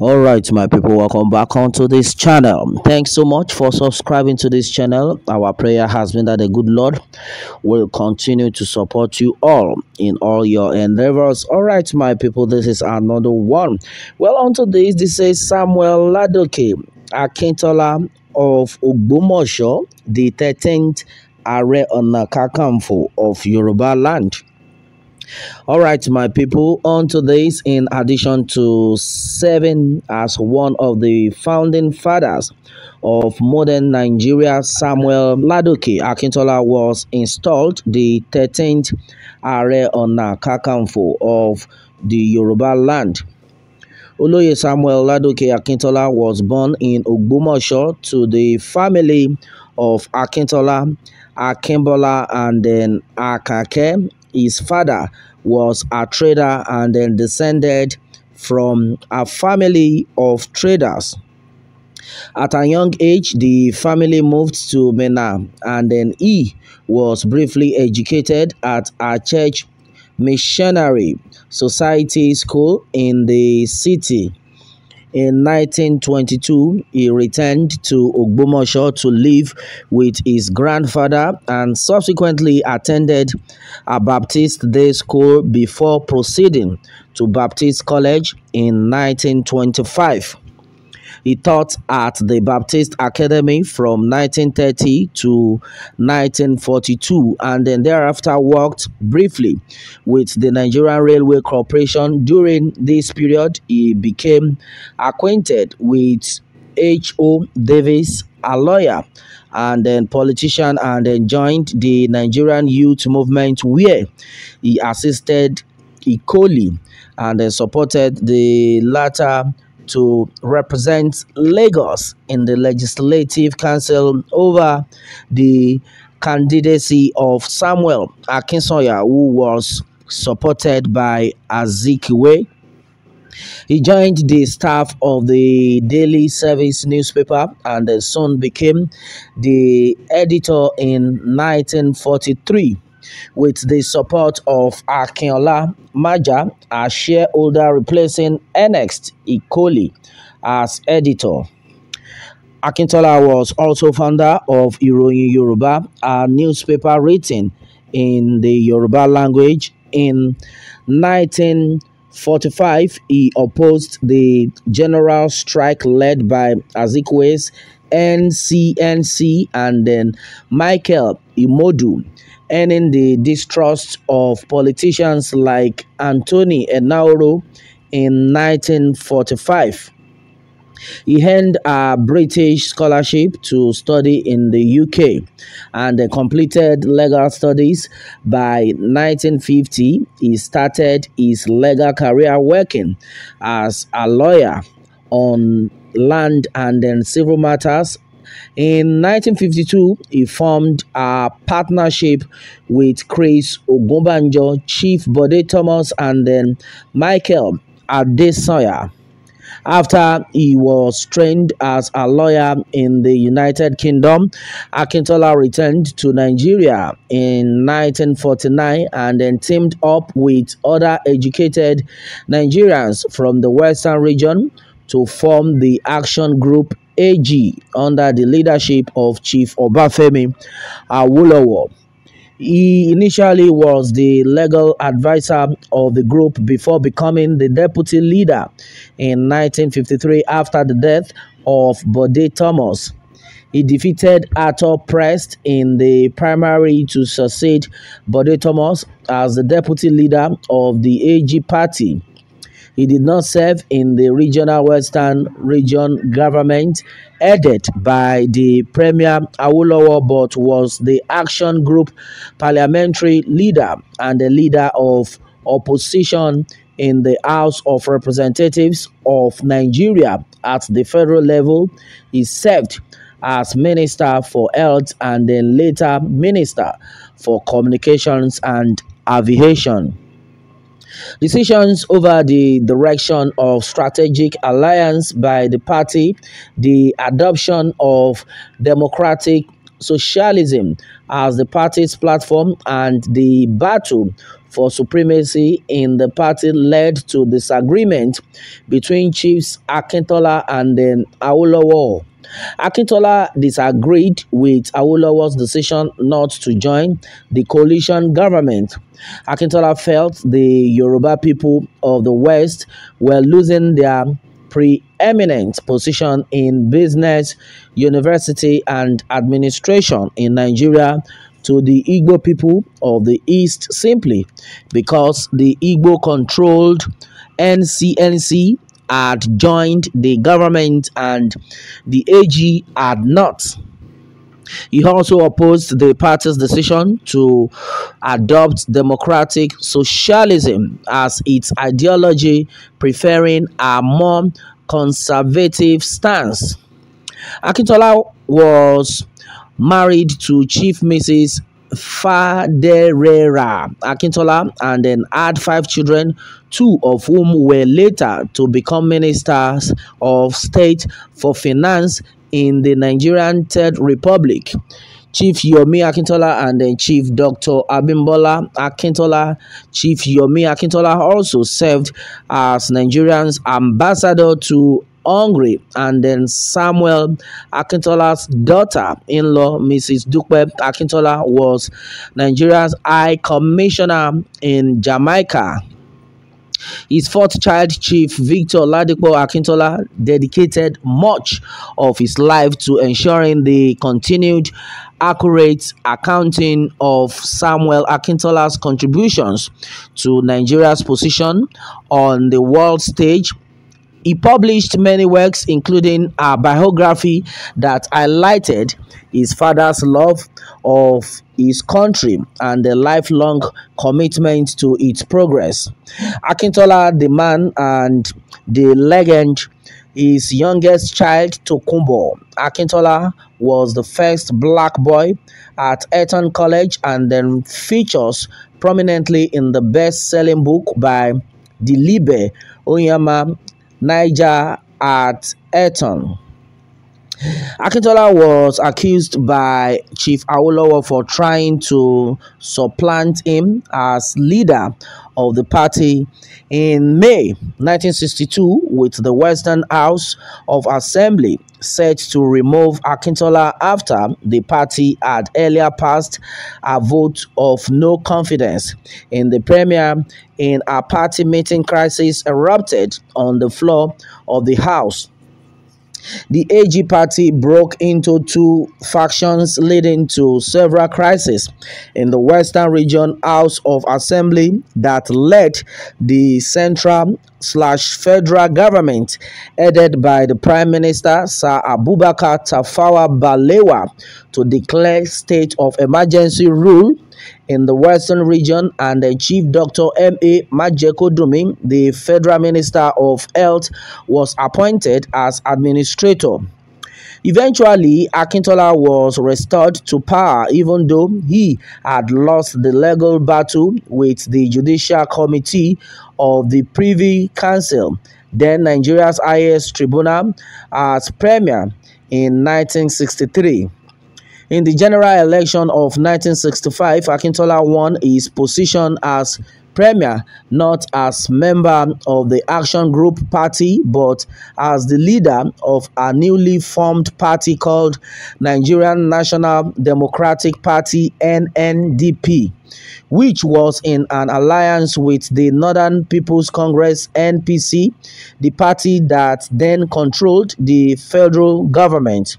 all right my people welcome back onto this channel thanks so much for subscribing to this channel our prayer has been that the good lord will continue to support you all in all your endeavors all right my people this is another one well onto this this is samuel ladoke akintola of ogbomosho the 13th Are on Kakamfo of Yoruba land all right, my people, on to this, in addition to serving as one of the founding fathers of modern Nigeria, Samuel Ladoke Akintola was installed the 13th Are on Kakanfo of the Yoruba land. Oloye Samuel Ladoke Akintola was born in Ogbomosho to the family of Akintola, Akimbola, and then Akake his father was a trader and then descended from a family of traders. At a young age, the family moved to Mena, and then he was briefly educated at a church missionary society school in the city. In 1922, he returned to Ogbomoso to live with his grandfather and subsequently attended a Baptist day school before proceeding to Baptist College in 1925. He taught at the Baptist Academy from 1930 to 1942 and then thereafter worked briefly with the Nigerian Railway Corporation. During this period, he became acquainted with H.O. Davis, a lawyer and then politician, and then joined the Nigerian youth movement where he assisted Ikoli and then supported the latter to represent Lagos in the Legislative Council over the candidacy of Samuel Akinsoya, who was supported by Azikiwe. He joined the staff of the Daily Service newspaper and soon became the editor in 1943 with the support of Akinola Maja, a shareholder replacing Ernest Ikoli as editor. Akintola was also founder of Iroyin Yoruba, a newspaper written in the Yoruba language. In 1945, he opposed the general strike led by Azikwe's NCNC and then Michael Imodu, earning the distrust of politicians like Anthony Enauro in 1945. He earned a British scholarship to study in the UK and completed legal studies. By 1950, he started his legal career working as a lawyer on land and then civil matters. In 1952, he formed a partnership with Chris Ogumbanjo, Chief Bode Thomas, and then Michael Adesanya after he was trained as a lawyer in the United Kingdom. Akintola returned to Nigeria in 1949 and then teamed up with other educated Nigerians from the Western region to form the Action Group AG under the leadership of Chief Obafemi Awolowo. He initially was the legal advisor of the group before becoming the deputy leader in 1953 after the death of Bode Thomas. He defeated Arthur Prest in the primary to succeed Bode Thomas as the deputy leader of the AG party. He did not serve in the regional Western Region government headed by the Premier Awolowo but was the Action Group parliamentary leader and the leader of opposition in the House of Representatives of Nigeria at the federal level. He served as Minister for Health and then later Minister for Communications and Aviation. Decisions over the direction of strategic alliance by the party, the adoption of democratic socialism as the party's platform, and the battle for supremacy in the party led to disagreement between Chiefs Akintola and then Akintola disagreed with Awolowo's decision not to join the coalition government. Akintola felt the Yoruba people of the West were losing their preeminent position in business, university, and administration in Nigeria to the Igbo people of the East simply because the Igbo controlled NCNC had joined the government and the AG had not. He also opposed the party's decision to adopt democratic socialism as its ideology, preferring a more conservative stance. Akintola was married to Chief Mrs. Faderera Akintola and then had five children, two of whom were later to become ministers of state for finance in the Nigerian Third Republic. Chief Yomi Akintola and then Chief Dr. Abimbola Akintola. Chief Yomi Akintola also served as Nigerians ambassador to Hungry, and then Samuel Akintola's daughter-in-law, Mrs. Dukwe Akintola, was Nigeria's High Commissioner in Jamaica. His fourth child, Chief Victor Ladipo Akintola, dedicated much of his life to ensuring the continued accurate accounting of Samuel Akintola's contributions to Nigeria's position on the world stage he published many works, including a biography that highlighted his father's love of his country and the lifelong commitment to its progress. Akintola, the man and the legend, his youngest child, Tokumbo. Akintola was the first black boy at Eton College and then features prominently in the best-selling book by Dilibe Onyama Niger at Eton. Akintola was accused by Chief Awolowo for trying to supplant him as leader of the party in May 1962 with the Western House of Assembly set to remove Akintola after the party had earlier passed a vote of no confidence in the premier in a party meeting crisis erupted on the floor of the House the AG party broke into two factions, leading to several crises in the Western Region House of Assembly that led the Central slash federal government headed by the Prime Minister Sir Abubakar Tafawa Balewa to declare state of emergency rule in the western region and the chief doctor M.A. Majeko Dumi, the federal minister of health, was appointed as administrator Eventually, Akintola was restored to power even though he had lost the legal battle with the Judicial Committee of the Privy Council, then Nigeria's highest tribunal, as premier in 1963. In the general election of 1965, Akintola won his position as premier not as member of the Action Group party but as the leader of a newly formed party called Nigerian National Democratic Party NNDP which was in an alliance with the Northern People's Congress NPC, the party that then controlled the federal government.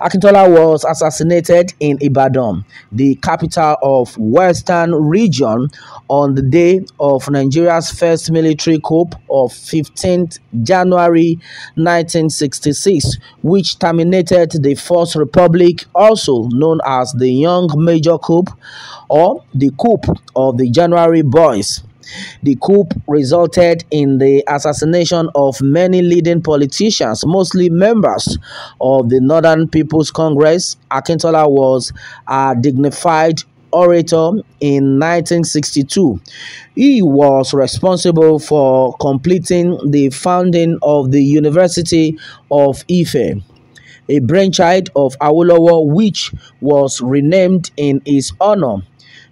Akintola was assassinated in Ibadan, the capital of Western Region, on the day of Nigeria's first military coup of 15th January 1966, which terminated the First Republic, also known as the Young Major Coup or the Coup of the January Boys. The coup resulted in the assassination of many leading politicians, mostly members of the Northern People's Congress. Akintola was a dignified orator in 1962. He was responsible for completing the founding of the University of Ife, a brainchild of Awolowo which was renamed in his honor.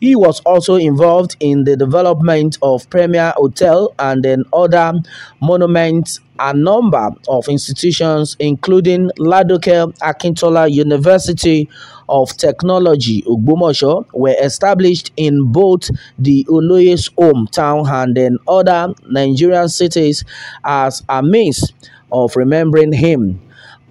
He was also involved in the development of Premier Hotel and then other monuments a number of institutions including Ladoke Akintola University of Technology Ogbomoso were established in both the Oloye's hometown and in other Nigerian cities as a means of remembering him.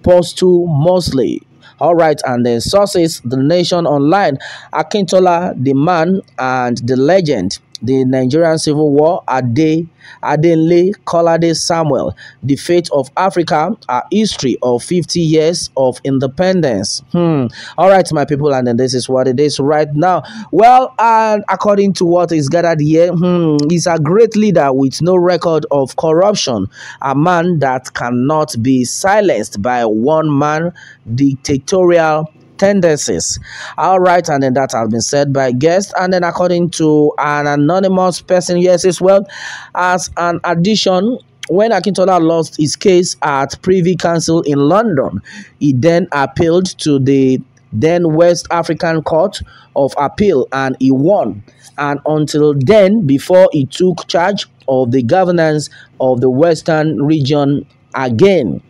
to Mosley all right, and then sources, the nation online, Akintola, the man, and the legend the Nigerian Civil War, Ade, Adenle Kolade Samuel, The Fate of Africa, A History of 50 Years of Independence. Hmm. All right, my people, and then this is what it is right now. Well, and according to what is gathered here, hmm, he's a great leader with no record of corruption, a man that cannot be silenced by one man dictatorial tendencies. All right, and then that has been said by guests. And then according to an anonymous person, yes, as well, as an addition, when Akintola lost his case at Privy Council in London, he then appealed to the then West African Court of Appeal and he won. And until then, before he took charge of the governance of the Western region again.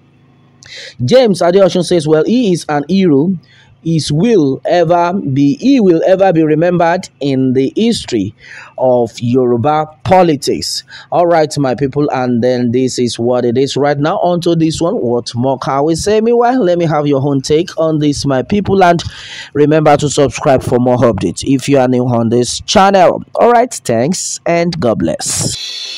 James Adeosun says, Well, he is an hero is will ever be he will ever be remembered in the history of Yoruba politics. All right, my people, and then this is what it is right now. On to this one, what more can we say? Meanwhile, let me have your own take on this, my people, and remember to subscribe for more updates if you are new on this channel. All right, thanks and God bless.